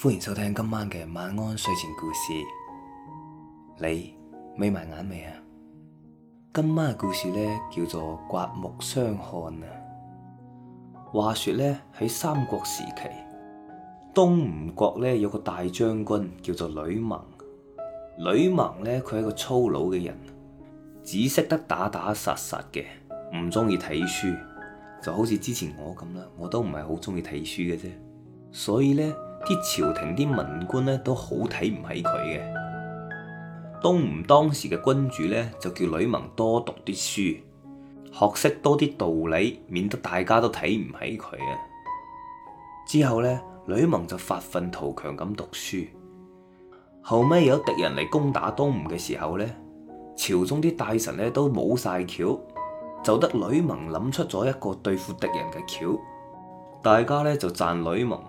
歡迎收聽今晚嘅晚安睡前故事。你眯埋眼未啊？今晚嘅故事呢，叫做刮目相看啊。話說呢喺三國時期，東吳國呢有個大將軍叫做呂蒙。呂蒙呢，佢係一個粗魯嘅人，只識得打打殺殺嘅，唔中意睇書，就好似之前我咁啦，我都唔係好中意睇書嘅啫，所以呢。啲朝廷啲文官咧都好睇唔起佢嘅，東吳當時嘅君主咧就叫呂蒙多讀啲書，學識多啲道理，免得大家都睇唔起佢啊！之後咧呂蒙就發憤圖強咁讀書，後尾有敵人嚟攻打東吳嘅時候咧，朝中啲大臣咧都冇晒橋，就得呂蒙諗出咗一個對付敵人嘅橋，大家咧就讚呂蒙。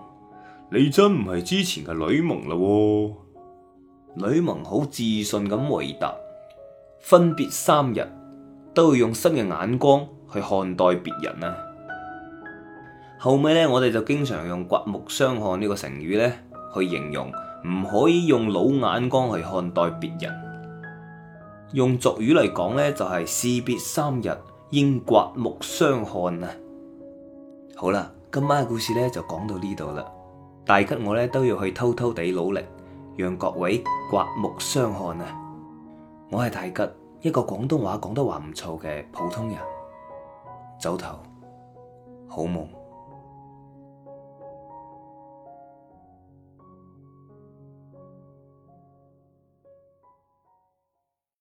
你真唔係之前嘅呂蒙啦、哦！喎，呂蒙好自信咁回答：分別三日，都要用新嘅眼光去看待別人啊。後尾呢，我哋就經常用刮目相看呢個成語呢去形容，唔可以用老眼光去看待別人。用俗語嚟講呢，就係、是、事別三日應刮目相看啊！好啦，今晚嘅故事呢就講到呢度啦。大吉我都要去偷偷地努力，讓各位刮目相看啊！我係大吉，一個廣東話講得話唔錯嘅普通人。早唞，好夢。